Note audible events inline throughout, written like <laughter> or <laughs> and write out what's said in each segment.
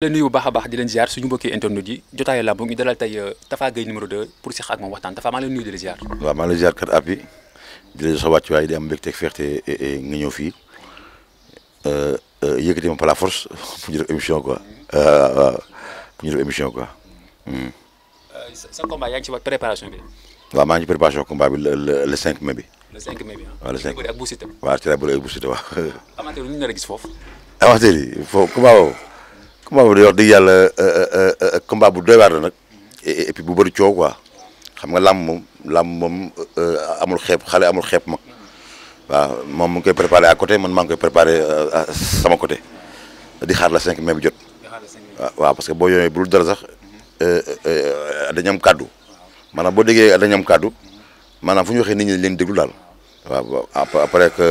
leen nuyu bu baax a baax di leen ziar suñu mbokki internet yi jotaayu làmb ñu dalal tey euh, Tapha Gueye numéro 2 pour seq ak moom waxtaan Tapha maa leen nuyu di la ziar waaw maa ngi lay ziar kat ab euh, euh, <laughs> ñu émission quoi waaw pour ñu def émission hmm. préparation bi waaw maa ngi ci préparation combat bi le le 5 mai bi le 5 mai bi ah. waaw <laughs> gis foofu combat boobu wax dëgg yàlla euh, euh, euh, combat bu doy waar la nag et bu bëri coow wa xam nga làmb moom làmb moom amul xeeb xale amul xeeb mag waaw moom mu ngi koy préparé à côté man maa ngi koy préparé sama côté di xaar la 5 mai bi jot. waaw parce que boo yooyee bul dara sax dañu am kàddu maanaam boo déggee dañu am kàddu maanaam fu ñu waxee nit ñi leen déglu daal. waaw après que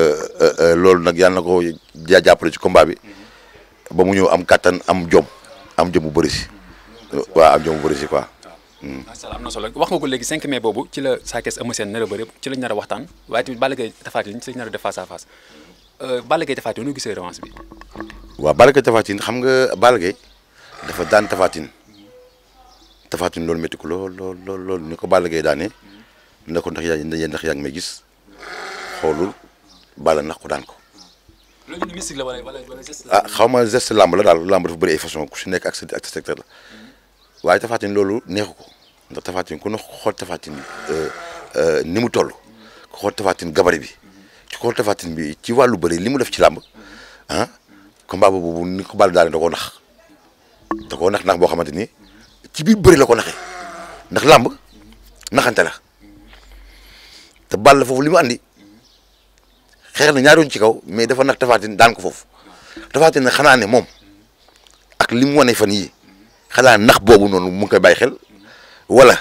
loolu nag yàlla na ko jàppale ci combat bi. ba mu ñëw am kattan am jom am jom bu bëri si waaw am jom bu bëri si quoi. Hmm. macha wax nga ko léegi 5 mais boobu ci la Sa Thiès Eumeu Sène nar a bëri ci lañ nar a waxtaan waaye tamit Balla Gaye Tapha Tine ci lañ nar a def face à face euh, Balla Gaye nu gisee revanche bi. waa Balla Gaye Tapha xam nga Balla Gaye dafa daan Tapha Tine Tapha Tine loolu métti ko lool lool lool ko Balla Gaye daanee ne ko ndax yaa ndax yaa ngi may gis xoolul Balla nax ko daan ko. loolu mystique la wala wala geste la. ah xaw ma geste làmb la daal làmb dafa bëri ay façon ku si nekk ak sa secteur la mm-hmm. waaye Tapha loolu neexu ko ndax Tapha Tine ku ne xool Tapha Tine euh, euh, ni mu toll mm-hmm. ku xool Tapha bi ci mm-hmm. xool Tapha bi ci wàllu bari li mu def ci làmb ah combat boobu ni ko bàll daal da koo nax da koo nax boo xamante ni ci biir bari la ko naxee ndax làmb naxante la te bàll foofu li mu andi. xeex na ñaari yoon ci kaw mais dafa nag Tapha Tine daan ko foofu Tapha xanaa ne moom ak li mu wane fan yii xanaa nax boobu noonu mu ngi koy bàyyi xel wala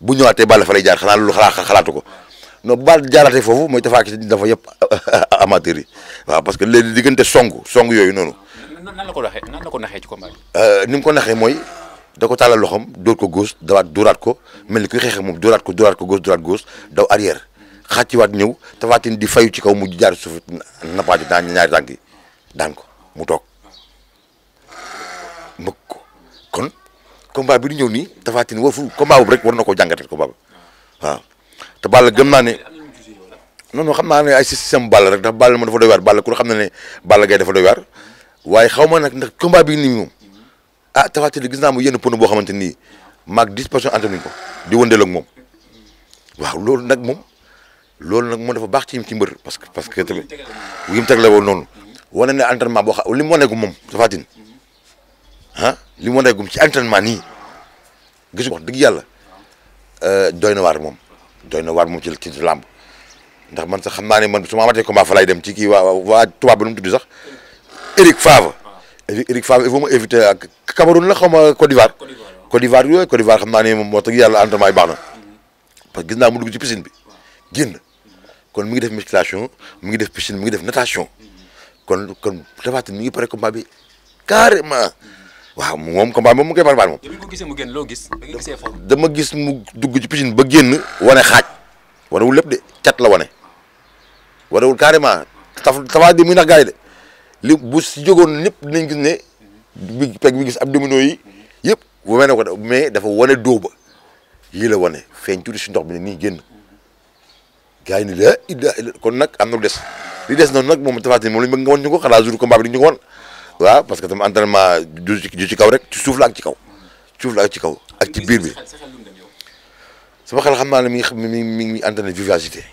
bu ñëwaatee Balla fa lay jaar xanaa loolu xalaat xalaatu ko non Balla jaaraatee foofu mooy Tapha Tine dafa yëpp <laughs> amateur yi waaw parce que léegi diggante song song yooyu noonu. nan ko naxee nan la ko naxee ci combat euh, mu ko naxee mooy da ko tàllal loxoom dóor ko gauche dawaat dóoraat ko mel ni kuy xeexee moom dóoraat ko dóoraat ko gauche dóoraat goos daw arrière. xàcciwaat ñëw tafaatin di fayu ci kaw mu jaar suuf nappaaju daan ñaari tànk yi daan ko mu toog mbëgg ko kon combat bi di ñëw nii tafaatin warfu combat boobu rek war na ko jàngatee combat ba waaw te Balla gëm naa ne non xam naa ne ay système Balla rek ndax Balla ma dafa doy waar Balla ku xam na ne bala gay dafa doy waar waaye xaw ma nag ndax combat bi nii moom ah tafaatin gis naa mu yenn pono boo xamante nii maag dix personnes ante nañ ko di wëndeel moom waaw loolu nag moom loolu nag def a baax ci ci mbër parce que parce que tamit li mu tegle woon noonu wane ne entraînement boo xam li mu waneegum moom Tapha Tine ah li mu waneegum ci entraînement nii gis wax dëgg yàlla euh, doy na waar moom doy na waar moom ci ci làmb ndax man sax xam naa ne man su ma amatee combat fa laay dem ci kii waa waa tubaab bi nu mu tudd sax Eric Favre. Eric Favre il faut ma éviter ak la xaw ma Côte d'Ivoire. Côte d'Ivoire yooyu Côte d'Ivoire xam naa moom moo tax yàlla entraînement yi baax na parce naa mu dugg ci bi génn. kon mi ngi def musculation mu ngi def piscine mi ngi def natation kon kon Tapha Tine mi ngi pare combat bi carrément waaw moom combat moom mu ngi koy préparé moom. ko gisee mu génn loo gis. da nga gisee gis mu dugg ci piscine ba génn wane xaaj wanewul lépp de cat la wane wanewul carrément taf Tapha Tine muy nax gars yi de li bu si jógoon ñëpp dinañ gis ne bi peg bi gis abdominaux yi yëpp wane mais dafa wane dóoba yii la wane feeñ tuuti si ndox bi ne nii génn. gars yi ni la ida kon nag am na lu des li des noonu nag moom Tapha Tine moom la ñu bëgg nga wan ñu ko xanaa jour combat bi di ñu ko wan waaw parce que tam entraînement du ci kaw rek ci suuf la ak ci kaw suuf la ak ci kaw ak ci biir bi sama xel xam naa ne mi ngi mi mi ngi entraîné vivacité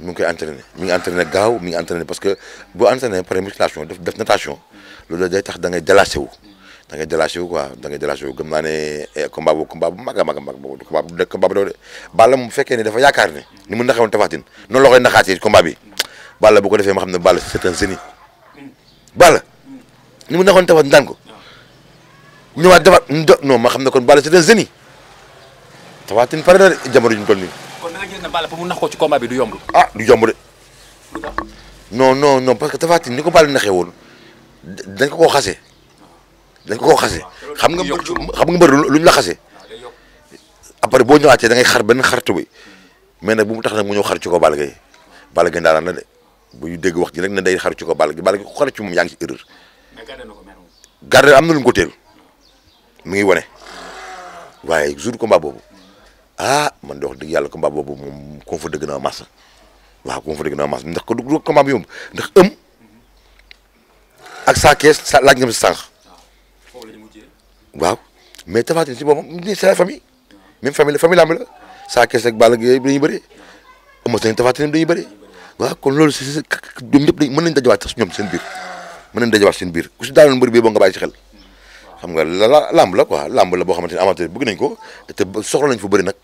mi ngi koy entraîné mi ngi entraîné gaaw mi ngi entraîné parce que boo entraîné par musculation def def natation loolu day tax da ngay délassé wu da ngay délaché wu quoi da ngay délaché wu gëm naa ne eh, combat bu combat mag a mag a mag combat bu combat bu doole Balla mu fekkee ne dafa yaakaar ne ni mu naxewoon Tapha Tine noonu la koy naxaatee combat bi Balla ma xam ne Balla c'est un génie Balla ni mu naxoon Tapha Tine daan ko ñëwaat defaat do ma xam ne kon Balla c'est un génie Tapha Tine pare na jamono ñu toll nii. kon da nga gis ne Balla pour mu nax ci combat bi du yomb. ah du yomb de. non non non parce que Tapha ni ko Balla naxee woon dañ ko koo xasee. dañ ko koo xase ah, xam nga mbër xam nga mbër luñ la xase ah, après boo ñëwaatee da ngay xar benn xartu bi mais nag bu mu tax nag mu ñëw xar ci ko Balla Gaye Balla Gaye ndaanaan la de bu ñu dégg wax ji rek na day xar ci ko Balla Gaye Balla Gaye ku xar ci moom yaa ngi ci erreur garde am na lu ko teel mi ngi wane waaye jour combat boobu ah man dox wax dëgg yàlla combat boobu moom ko fa dëgg naa massa waaw ko fa dëgg naa massa ndax ko du combat bi moom ndax ëm mm-hmm. ak saa kees sa laaj nga sànq waaw mais Tapha si ci boppam nii c'est la famille même famille la famille làmb la saa kees rek Balla Gaye dañuy bëri Eumeu Sène Tapha Tine si ñoom nañ dajawaat sax seen biir mën nañ dajawaat seen biir ku si daaloon mbër bi boo nga bàyyi ci xel xam nga la làmb la quoi la boo xamante ne amateur bëgg nañ ko te soxla nañ fa bëri nag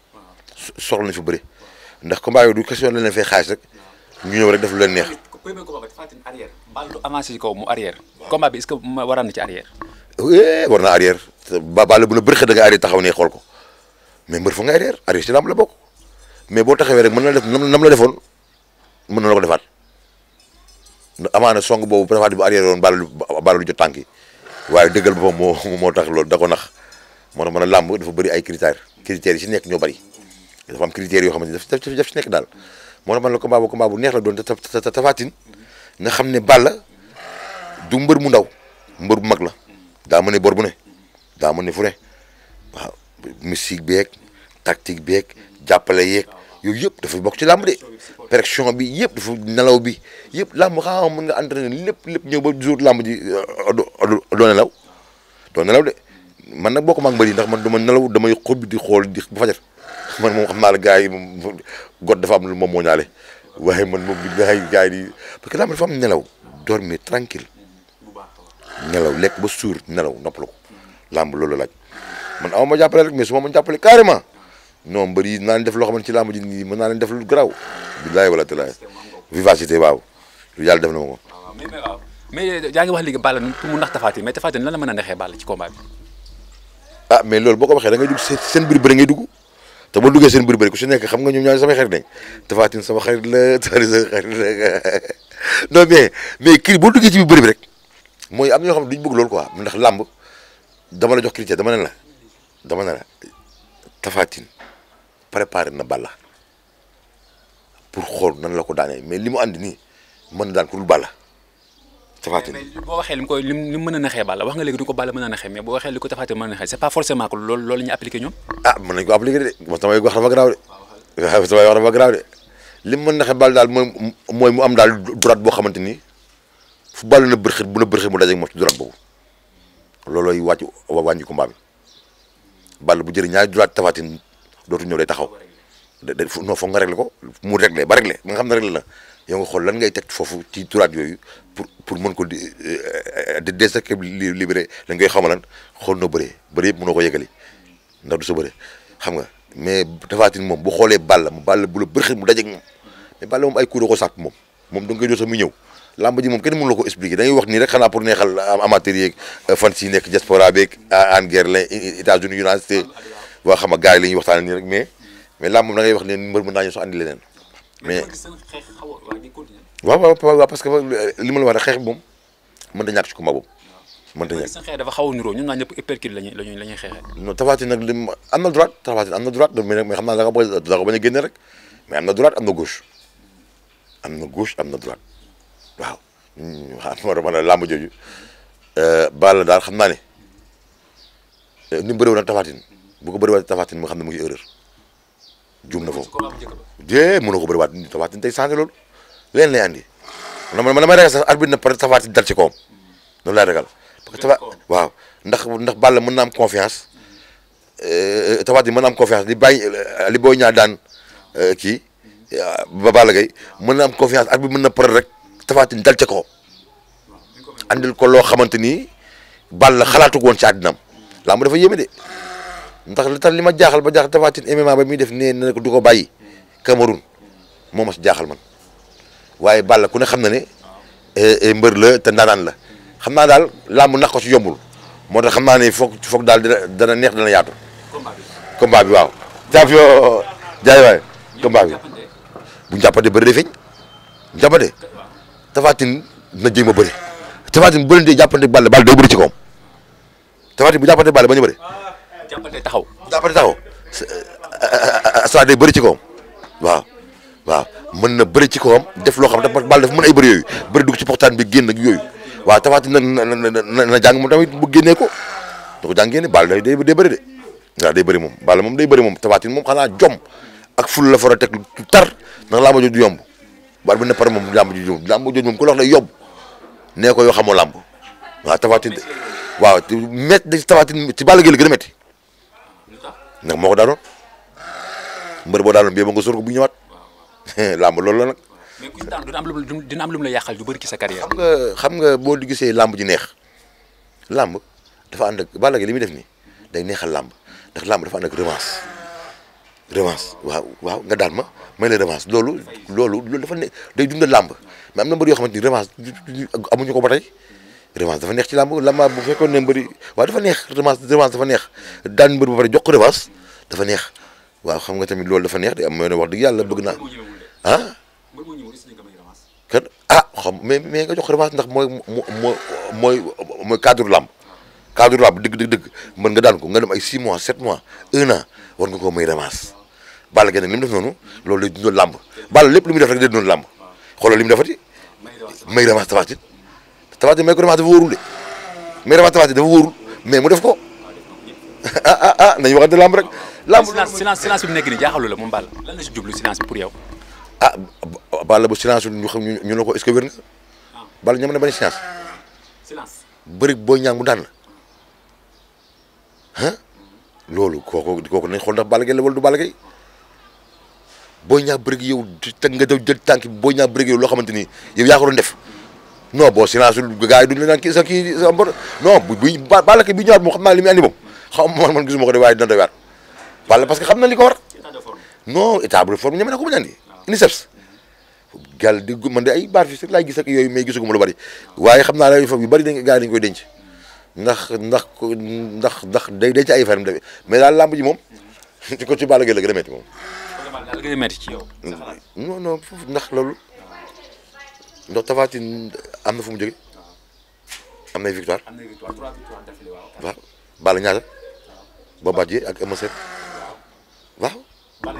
soxla nañ fa bëri ndax combat yooyu du question lañ leen fay xaaj rek ñu ñëw rek def lu leen neex. premier combat Eh, war na arrière ba bàll bu na bërxë da taxaw ne xool ko mais mbër fa nga arrière la bokk mais boo taxawee rek mën na la def nam la defoon mën na la ko defaat amaana song boobu préfet bu arrière woon bàll bàll lu jot tànk yi waaye dëggal boppam moo moo tax loolu da ko nax moo tax mën a làmb dafa bëri ay critères critères yi si nekk ñoo bari dafa am critères yoo xamante ne daf daf si nekk daal moo tax man la combat bu combat bu neex la doon te Tapha Tine nga xam ne Balla du mbër mu ndaw mbër bu mag la daa mën ne bor bu ne daa mën ne fu ne waaw musique beeg tactique beeg jàppale yeeg yooyu yëpp dafa bokk ci làmb de pression bi yëpp dafa nelaw bi yëpp làmb xaaral mën nga entraîner lépp lépp ñëw ba jour làmb ji euh, doo nelaw doo nelaw de man nag bokk ko mag mbëri ndax man dama nelaw damay xob di xool di ba fajar <laughs> man moom xam naa la gars yi moom got dafa am lu moom moo ñaale waaye man moom gars yi gars yi parce que làmb dafa am nelaw dormir tranquille nelaw lekk ba suur nelaw noppalu ko làmb loolu laaj man aw ma jàppale rek mais su ma jàppale carrément non mbër yi naa leen def loo xamante ci làmb ji nii mën naa leen def lu garaaw. billaay wala talaay vivacité waaw yàlla def na ma ko. waaw euh, yaa ngi wax léegi Balla pour mu ndax Tafatine mais Tafatine lan la mën a ndaxee Balla ci combat bi. ah mais loolu boo ko waxee da ngay dugg seen biir bëri ngay dugg te boo duggee seen biir bëri ku si nekk xam nga ñoom ñaar samay xarit lañ Tafatine sama xarit la Tari sama xarit la <laughs> non mais mais kii boo duggee ci biir bëri bi rek mooy am ñoo xam ne duñ bëgg loolu quoi ndax làmb dama la jox critère dama ne la dama ne la Tapha Tine préparé na Balla pour xool nan la ko daanee mais li mu nii mën na daan ku dul Balla Tapha boo waxee lim koy lim lim mën a naxee Balla wax nga léegi du ko Balla mën a naxee mais boo waxee li ko Tapha Tine mën a naxee c'est pas forcément que loolu loolu la ñu appliqué ñoom. ah mën nañu wax dafa garaaw de. waaw <laughs> samay wax dafa garaaw de lim mën a naxee Balla daal mooy mooy mu am daal droite boo xamante ni. fu bàllu na bërxit bu na bërxit mu dajeeg moom ci duraat boobu loolooy wàcc wàññi ko bi bàll bu jër ñaari duraat tafaatin dootu ñëw day taxaw non foog nga réglé ko mu réglé ba réglé ba nga xam ne réglé la yow nga xool lan ngay teg foofu ci duraat yooyu pour pour mën ko di euh, déséquilibré la ngay xamalan xool noo bëree bëri yëpp ko yëgali ndax du sa xam nga mais tafaatin moom bu xoolee bàll mu bàll bu la mu dajeeg moom mais moom ay coup da ko sàpp moom moom da nga koy jox sax muy ñëw làmb ji moom kenn mënu la ko expliquer dañuy wax nii rek xanaa pour neexal amateur yeeg euh, fan si nekk diaspora beeg en guerre la États-Unis United States waa xam nga gars yi la ñuy waxtaanee rek mais mais làmb moom da ngay wax ne mbër mën naa ñëw soo andi leneen mais waaw waaw que euh, li ma la wax rek xeex bi moom mënta ñàkk ci combat boobu mënta ñàkk seen xeex dafa ñëpp uppercut lañuy lañuy lañuy xeexee na droite Tapha Tine na droite mais xam naa nga bañ a da nga a génne rek mais am na droite am na gauche am na gauche waaw waaw moo tax ma ne làmb eh, Balla daal xam naa ne eh, ni mu bëriwoon ak Tapha Tine bu ko bëriwaat Tapha Tine mu xam ne mu ngi erreur juum na foofu jee mënoo ko bëriwaat Tapha Tine tey changé loolu leen lay andi man man damay ragal sax arbitre na peut-être Tapha Tine dal ci kawam noonu laay ragal waaw ndax ndax Balla mën na am confiance eh, Tapha Tine mën na am confiance li bàyyi li booy ñaar daan kii ba Balla Gaye mën na am confiance arbitre mën na pare rek. tafaatin dal ca ko andil ko loo xamante ni Balla xalaatu woon ci àddinaam laa mu dafa yéeme de ndax li tax li ma jaaxal ba jaaxal tafaatin MMA ba muy def nee na ko du ko bàyyi Cameroun si jaaxal man waaye Balla ku ne xam na ne eh, eh, mbër la te ndaanaan la xam naa daal làmb nax ko ci yombul moo tax xam naa ne foog foog daal dina dana neex dana yaatu. combat bi waaw. jàpp yoo jaay waay combat bi bu ñu jàppante bëri day feeñ jàppante. Tapha na jéem ma bëri Tapha Tine bu leen di jàppante Balla Balla day bëri ci kawam Tapha Tine bu jàppante Balla ba ñu bëri. taxaw jàppante taxaw eh, eh, eh, sa day bëri ci kawam waaw waaw na bëri ci kawam def loo xam dafa Balla dafa mën yooyu bëri dugg ci poxtaan bi génn ak yooyu waaw Tapha Tine nag na jàng moom tamit bu génnee ko da ko jàngee ne Balla day day de waaw day bëri moom Balla moom day bëri moom Tapha Tine moom xanaa jom ak ful la foro teg tar ndax laa ma jot yomb. war bu ne par moom làmb jooju moom làmb jooju moom ku lox la yóbbu nee ko yoo xamoo lamb waaw tafatin waaw mét tafatin ci Balla gën a métti ndax moo ko daanoon mbër boo daanoon bii ba nga sóor ko bu ñëwaat <laughs> làmb lool la nag. mais ku ñu lu mu dina am la yàqal ju bëri ci sa carrière. xam nga xam nga boo di gisee làmb ji neex làmb dafa ànd ak Balla Gaye li def ni day neex làmb ndax dafa ànd ak revanche. revanche waaw waaw nga daan ma may la revanche loolu loolu loolu dafa ne day dundal làmb mais am na mbër yoo xamante ni revanche amuñu ko ba tey revanche dafa neex ci làmb làmb bu fekkoon ne mbëri waaw dafa neex revanche revanche dafa neex daan mbër ba pare jox ko revanche dafa neex waaw xam nga tamit loolu dafa neex di am mooy ne wax dëgg yàlla bëgg naa ah kan ah xam mais mais nga jox revanche ndax mooy mooy mooy cadre làmb cadre droit bu dëgg dëgg dëgg mën nga daan ko nga dem ay 6 mois 7 mois 1 an war nga koo may revanche Balla Gaye nag li mu def noonu loolu lay dundal làmb Balla lépp lu muy def rek day dundal làmb xoolal li mu defati may revanche Tapha Tine Tapha Tine may ko revanche dafa wóorul mais mu def ko <laughs> ah ah ah nañu waxante làmb rek. làmb silence silence silence bi mu nekk moom Balla lan la si jublu ah, bu silence ñu xam ñu la ko est-ce que wér nga. Ah. Balla ñoom na silence. silence bëri booy mu daan ah loolu kooku kooku nañ xool ndax Balla Gaye la wala du Balla Gaye Boy Niang yow teg nga daw jël tànk Boy Niang bëreeg yow loo xamante ni yow yaa ko doon def non boo silence gars yi duñ la naan kii sa kii sa mbor non bu bu Balla Gaye bi ñëwaat moom xam naa li muy andi moom xam man man gisuma waaye dina doy waar na li ko war non état de forme ñeme na ko mu ñandi UNICEF bari xam naa la foofu yu bari dañ denc ndax ndax ndax ndax day day ci ay fenn demee mais daal làmb ji moom. ci ko ci Balla Gaye a métti ci yow. non non ndax loolu ndax Tapha am na fu mu jógee am nay victoire. am nay victoire waaw. waaw ñaata. waaw Bombardier ak Eumeu waaw.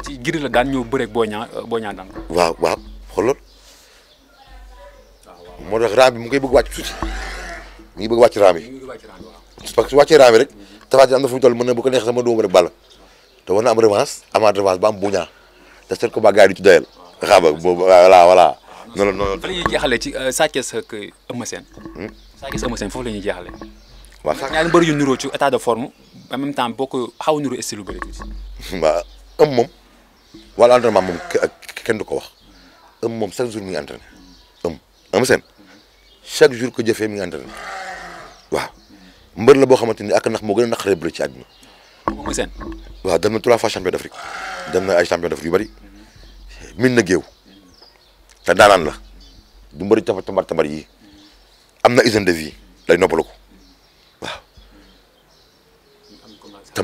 ci giri la daan ñëw bëreeg boo ñaa boo ñaa waaw waaw xool loolu moo tax raam bi mu ngi koy bëgg wàcc tuuti mu ngi bëgg wàcc raam yi. parce que su wàccee raami rek Tapha Tine am na fu mën na bu ko neexee sama doomu rek Balla te war na am revanche amaat revanche ba am buña te seet ko ba gars du ci doyal xam nga boobu voilà voilà noonu la ñuy ci euh, euh, hmm? Sa Thiès ak Eumeu Sa Thiès Eumeu la ñuy jeexalee waaw ñaari mbër yu niroo ci état de forme en même temps boo ko xaw a niroo style lu bëri <laughs> waaw moom kenn du ko wax ëm moom chaque jour mi ngi entraîné ëm Eumeu Sène chaque jour que jëfee mi ngi entraîné waaw mbër la boo xamante ni ak ndax moo gën a naqaree bëre ci àdduna. mooy waaw dem na trois fois champion d'Afrique dem na ay champion d'Afrique yu bëri min na géew te daanaan la du mbëri tambar tambar tambar yi am na hygiène de vie day noppalu ko waaw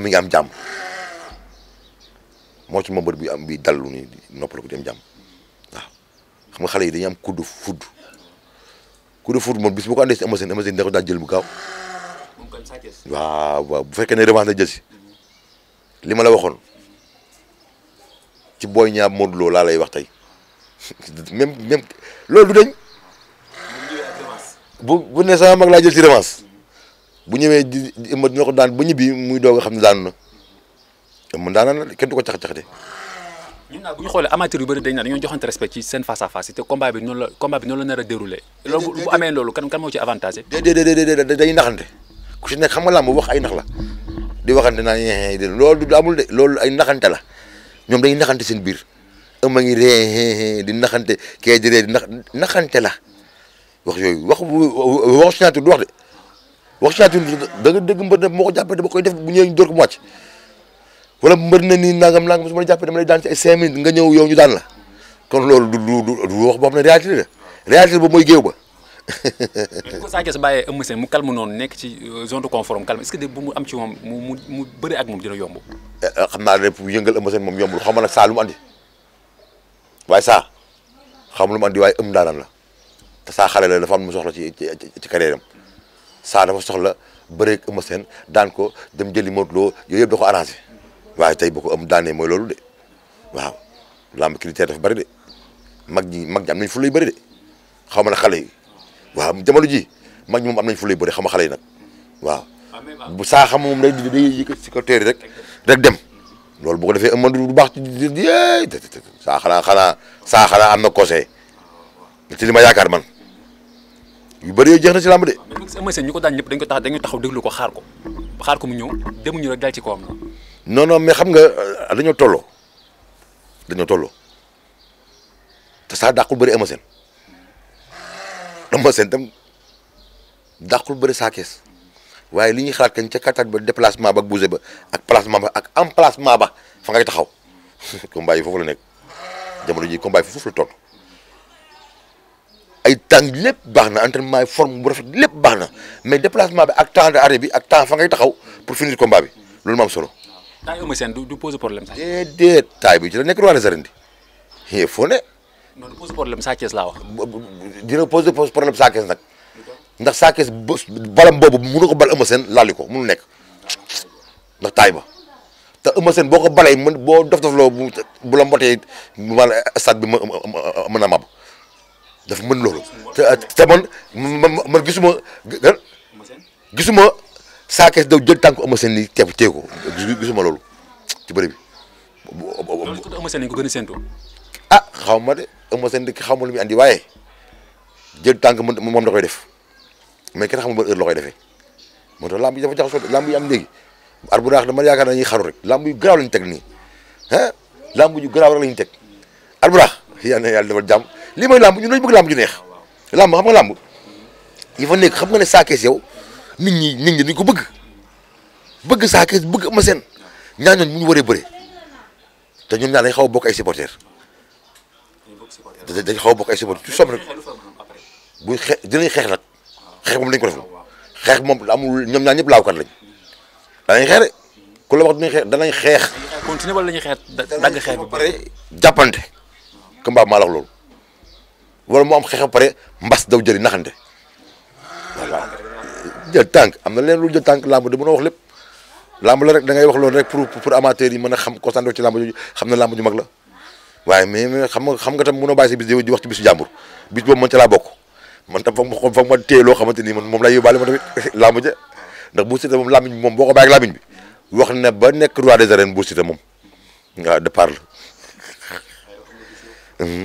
mi ngi am jàmm moo ci moom bi am bi dallu ni noppalu dem jàmm waaw xam nga xale yi dañuy am coup de foudre coup de foudre moom bis bu ko andee si Eumeu daal jël bu gaaw. waaw waaw bu fekkee ne revanche la jël si li ma la waxoon ci booy Niang Modou Lo laa lay wax tey <laughs> même même loolu du dañ bu bu ne sama mag laa jël si revanche bu ñëwee di ëmb dina daan ñibbi muy doog a xam ne daanu na kenn du ko cax-caxate ñun daal bu ñu xoolee amateur yu bëri dañ naan dañoo respect ci seen face à face te combat bi noonu la combat bi a déroulé. loolu bu amee loolu kan kan moo ci avantage. déedéet déedéet dañuy naxante. ku ci nekk xam nga làmb wax ay nax la di waxante naa ñeexee de loolu du amul loolu ay naxante la ñoom dañuy naxante seen biir ëmb ngi ree di naxante kee di ree di nax naxante la wax yooyu wax wax signature du wax de wax signature mbër moo ko jàppee dama koy def bu ñëwee ñu door ko mu na nii nangam nangam su ma la jàppee dama lay daan nga ñëw yow ñu daan kon loolu du du du wax boo ne réalité la réalité ba mooy géew ba ko Sa Thiès bàyyee Eumeu Sène mu calme noonu nekk ci euh, zone de confort calme est mu am ci moom mu mu bëri ak moom dina yomb. Eh, eh, xam naa ne pour yëngal Eumeu Sène moom yombul xam nga nag saa lu mu andi waaye saa xam lu andi waaye ëm daanam la te saa xale la dafa am mu soxla ci ci ci carrière am saa dafa soxla bëri ak Eumeu daan ko dem jëli Modou loo yooyu yëpp da ko arrangé waaye tey boo ko am daanee mooy loolu de waaw lamb critère dafa bari de mag ñi mag ñi am nañ fu lay bëri de xaw ma xale yi. waaw jamono ji mag ñi moom am nañ fu lay bëri xam nga xale yi nag waaw bu saa xam moom day day yëkkat si ko teeri rek rek dem loolu bu ko defee ëmb du baax ci saa xanaa xanaa saa xanaa am na conseil ci li ma yaakaar man yu bëri yooyu jeex na si làmb de. mais ñu ko daan ñëpp dañ ko tax dañu taxaw déglu ko xaar ko xaar ko mu ñëw demuñu rek dal ci kawam. non non mais xam nga dañoo tolloo dañoo tolloo te saa dàqul bëri ëmb seen da Eumeu Sène da dàqul bëri bari kees waaye li ñuy xalaat kañ ca kattan ba déplacement ba ak ba ak placement ba ak en emplacement ba fa ngay taxaw <laughs> combat yi foofu la nekk jamono ji combat yi foofu la toll ay temps lépp baax na entraînement yi forme bu rafet lépp baax na mais déplacement bi ak temps a bi ak temps fa ngay taxaw pour finir combat bi loolu moo am solo. taay Eumeu Sène du du pose problème sax. déedéet taay bi ci la nekk a des arènes di foo ne. Sa Thiès laa dina posé problème Sa Thiès nag ndax Sa Thiès balam boobu mënu ko bal Eumeu Sène laali ko mënu nekk ndax taay ba te Eumeu boo ko balee mën boo dof dof loo bu la mbotee maanaam stade bi mën na mab dafa mën loolu te te man man gisuma gisuma Sa Thiès daw jël tànk Eumeu Sène nii teeb téye ko gisuma loolu ci ko Eumeu a ah xaw ma de Eumeu Sène di xaw ma lu muy andi waaye jël tànk moom da koy def mais kenn xamul ban heure la koy defee moo tax lamb yi dafa jaxasoo lamb yi am léegi ar bu naax dama yaakaar dañuy xaru rek lamb yu garaaw lañ teg nii ah lambu yu garaaw rek lañ teg ar bu naax yàlla na yàlla defal jàmm lii mooy lamb ñun dañu bëgg lamb ju neex lamb xam nga lamb yi fa nekk xam nga ne saakees yow nit ñi nit ñi dañ ko bëgg bëgg saakees bëgg ama seen ñaar ñooñu bu ñu waree bëre te ñun ñaar dañ xaw a bokk ay supporters dañ xaw a bokk ay supporters tu somme rek buy xe dinañ xeex nag xeex moom dañ ko deful xeex moom amul ñoom ñaar ñëpp laawkat lañ danañ xeex la wax dinañ danañ xeex. continuer wala ñuy xeex dagg xeex bi pare jàppante. Kamba maa la wax loolu wala mu am xeex pare mbas daw jëri naxante voilà jël tànk am na leen lu jël tànk làmb di mën a wax lépp làmb la rek da wax loolu rek pour pour yi mën a xam concentré ci làmb jooju xam na làmb ju mag la waaye xam nga xam nga tam mënoo bàyyi sa bis di wax ci bisu jàmbur bis boobu mën ca laa bokk. man tam foog ma foog loo xamante ni man moom lay yóbbaale ma tamit <laughs> làmb ja ndax Bou Siteu moom làmmiñ bi moom boo ko bàyyi ak bi wax na ba nekk roi des arènes Bou Siteu moom waaw de parle mhm.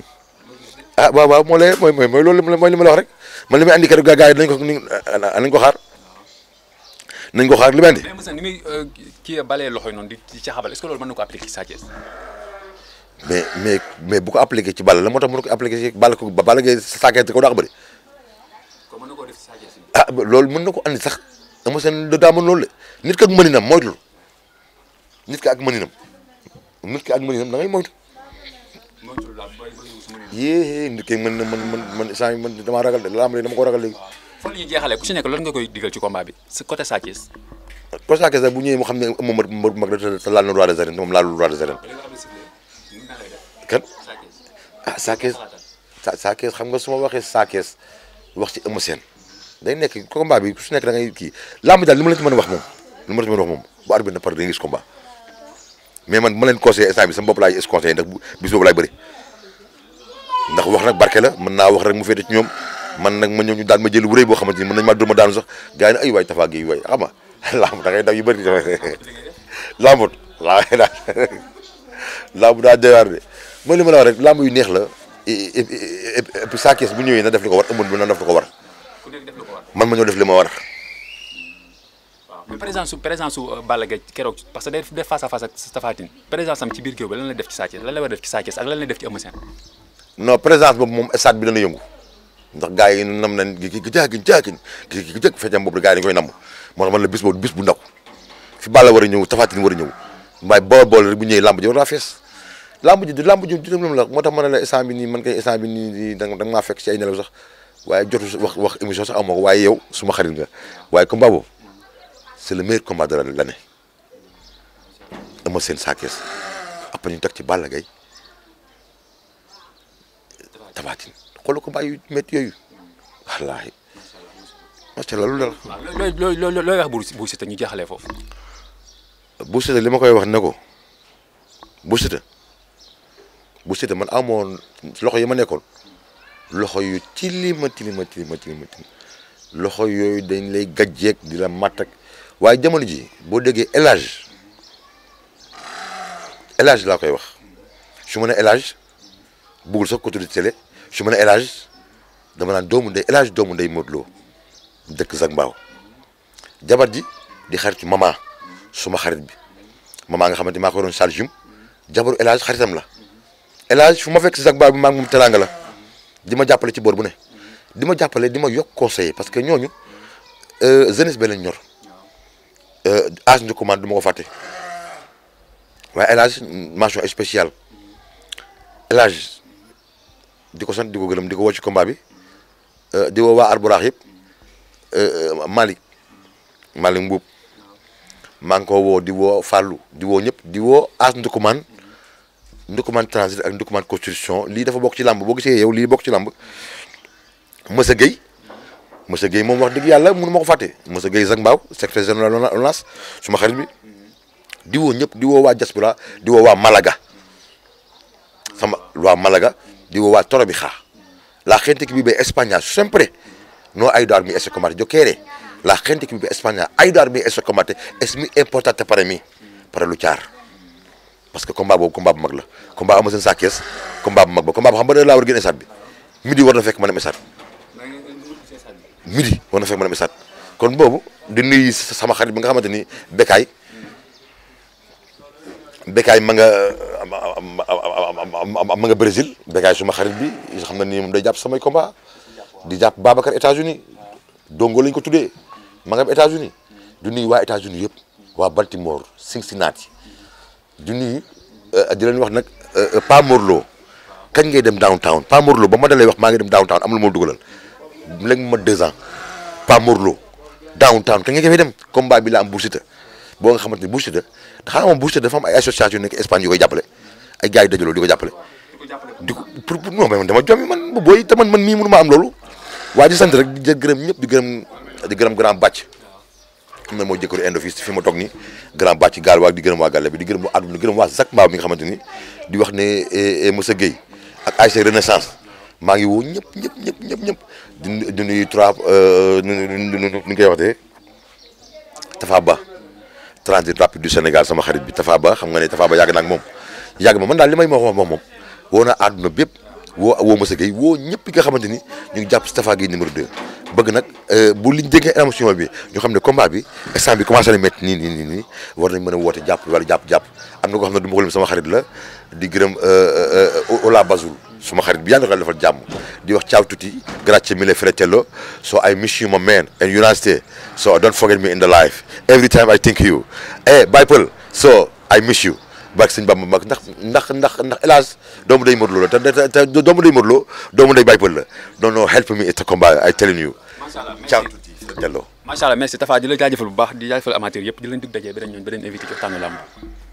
ah moo lay mooy mooy loolu mooy li ma la man li andi kat gaa gaa yi dinañ ko ah, ko xaar nañ ko xaar li may andi. mais ni muy euh, kii balee loxo yi di ci xabal Sa Thiès mais mais mais bu ko appliquer ci Balla la moo tax mënu ko appliquer ci Balla ko Balla Gaye Sa Thiès ko daax bëri ah loolu mën na ko andi sax ama seen da daa mën loolu nit ki ak mëninam moytul nit ki ak mëninam nit ki ak mëninam da ngay moytu. moytul daal bàyyi ko su mëninam. yéen nit ki mën na mën mën mën saa yi mën damaa ragal de laa am léegi dama ko ragal léegi. fan la ñuy jeexalee ku si nekk lan nga koy digal ci combat bi si côté Sa Thiès. côté Sa Thiès nag bu ñëwee mu xam ne moom mbër mag la te laal na roi des arènes moom laal roi des arènes. kan ah Sa xam nga su ma waxee Sa Thiès wax ci Eumeu Sène day nekk combat bi su nekk da ngay kii làmb daal li ma la ci mën a wax moom li ma la a wax moom bu arbitre na pare da gis combat mais man ma leen conseillé instant bi sama bopp laay conseillé ndax bis boobu laay bëri ndax wax nag barke la mën naa wax rek mu féete ci ñoom man nag ma ñëw ñu daan ma jël bu boo xamante ni mën nañ ma dóor ma daanu sax gars yi ne ay waay Tapha Gueye waay xam nga <laughs> làmb da ngay daw yu bëri <laughs> làmbut laa <laughs> daal làmb daa doyaar de ma la wax rek làmb yu neex la et puis bu ñëwee na def li ko war na def li ko war man ma ñoo def li ma war. waaw présence su présence su Balla keroog parce que day def face à face ci biir géew ba lan def ci Sa Thiès lan la war def ci Sa Thiès ak boobu moom stade bi dana yëngu ndax gars yi nam nañ gi gi jëkk feccam boobu gars yi dañ koy namm moo tax man la bis boobu bis bu ndaw fi Balla war a ñëw Tapha war a ñëw mbaay bool bool rek bu ñëwee làmb ji war naa fees làmb ji du làmb ji du la moo tax ma ne waaye jot wax wax émission waaye yow suma xarit nga waaye combat boobu c'est le meilleur combat de l'année Eumeu Sène Sa Thiès ñu teg ci Balla Gaye Tapha Tine xoolal combat yu métti yooyu wallaahi macha allah lu dara. waaw looy looy looy wax Bou Siteu ñu jaaxlee foofu. Bou Siteu li ma koy wax ne ko Bou Siteu Bou Siteu man amoon loxo yi ma nekkoon. loxo yu tilima tilima tilima tilima loxo yooyu dañ lay gàjjeeg di la matt waaye jamono ji boo déggee élage élage laa koy wax su ma ne élage buggul sax ko tudd télé su ma ne élage dama naan doomu ndey élage doomu ndey Modou dëkk Zac Mbao jabar ji di xaritu mama suma xarit bi mama nga xamante maa ko doon saljum jabaru élage xaritam la élage fu ma fekk si Zac Mbao bi maa ngi moom teraanga la di ma jàppale ci boor bu ne di ma jàppale di ma yokk conseiller parce que ñooñu euh, jeunesse bi lañ ñor euh, âge njëkkumaan du ma ko fàtte waaye El Hadj mention spéciale El di ko sant di ko gërëm di ko woo ci combat bi euh, di woo waa Arbouraax yëpp Malick Malick Mbuub maa ngi ko woo di woo Fallou di woo ñëpp di woo âge njëkkumaan document transit ak document construction lii dafa bokk ci làmb boo gisee yow lii bokk ci làmb Moussa Gueye Moussa Gueye moom wax dëgg yàlla mun ma ko fàtte Moussa Gueye Zac Mbao secrétaire général ONAS suma xarit bi di woo ñëpp di woo waa diaspora di woo waa Malaga sama waa Malaga di woo waa Torrevieja la laa que ki en España siempre no ha ido a mi ese combate yo quiere la gente que vive en España ha ido a mi ese combate es muy importante para mí para luchar parce que combat boobu combat bu mag la combat Eumeu Sène Sa Thiès combat ba combat bu war a génn stade bi midi war na fekk ma dem stade kon boobu di nuyu sama xarit bi nga xamante ni Bekaay Bekaay ma nga ma nga Brésil Bekaay suma xarit bi xam na ni moom day jàpp samay komba di jàpp Babacar États-Unis dongo lañ ko tuddee ma nga États-Unis du nuyu waa unis yëpp waa Baltimore Cincinnati du nii euh, di leen wax nag euh, Pa Morlo kañ ngay dem downtown Pa Morlo ba ma dalay wax maa ngi dem downtown am lu ma dugalal léegi mu ma deux ans Pa Morlo downtown kañ nga jafee dem combat bi la am Boursita boo nga xamante ni Boursita xanaa moom Boursita dafa am ay association yu nekk Espagne yu koy jàppale ay gars yi dajaloo di ko jàppale. di ko pour pour non man dama jommi man booy ta man man mii mënu ma am loolu. waa di sant rek di gërëm ñëpp di gërëm di gërëm grand bàcc. xam ne mooy jëkkëru Endo fii fi ma toog ni grand bàcc gaal waag di gërëm waa gàlle bi di gërëm waa àdduna di gërëm waa zac mbaaw bi nga xamante ni di wax ne eh, eh, Moussa Gueye ak ASC Renaissance maa ngi woo ñëpp ñëpp ñëpp ñëpp ñëpp di di nuyu trois euh, nu koy waxtee Tafa Ba transit rapide du Sénégal sama xarit bi Tafa Ba xam nga ne Tafa Ba yàgg na ak moom yàgg ma man daal li may ma wax moom moom woo naa àdduna bépp woo woo Moussa Gueye woo ñëpp yi nga xamante ni ñu ngi jàpp si Tafa Gueye numéro 2 bëgg nag euh, bu liñ jege émotion bi ñu xam ne combat bi instant bi commencé na métti nii ni ni nii war nañ mën a woote jàpp wala jàpp jàpp am na koo xam ne du ma ko lim xarit la di gërëm euh, euh, Ola Bazoul suma xarit bi yàlla na ko defal jàmm di wax ciao tutti grazie mille fratello so I miss you ma man and United States so don't forget me in the life every time I think you eh Baye so I miss you barke sëñ Bamba mag ndax ndax ndax ndax hélas doomu day Modou Lo la doomu day Modou Lo doomu day Baye Peul la non non help me it's a combat I tell you. macha allah merci Thiam tuuti delloo. macha di la jaajëfal bu di jaajëfal amateur yëpp di leen dig daje beneen ñoon beneen invité ci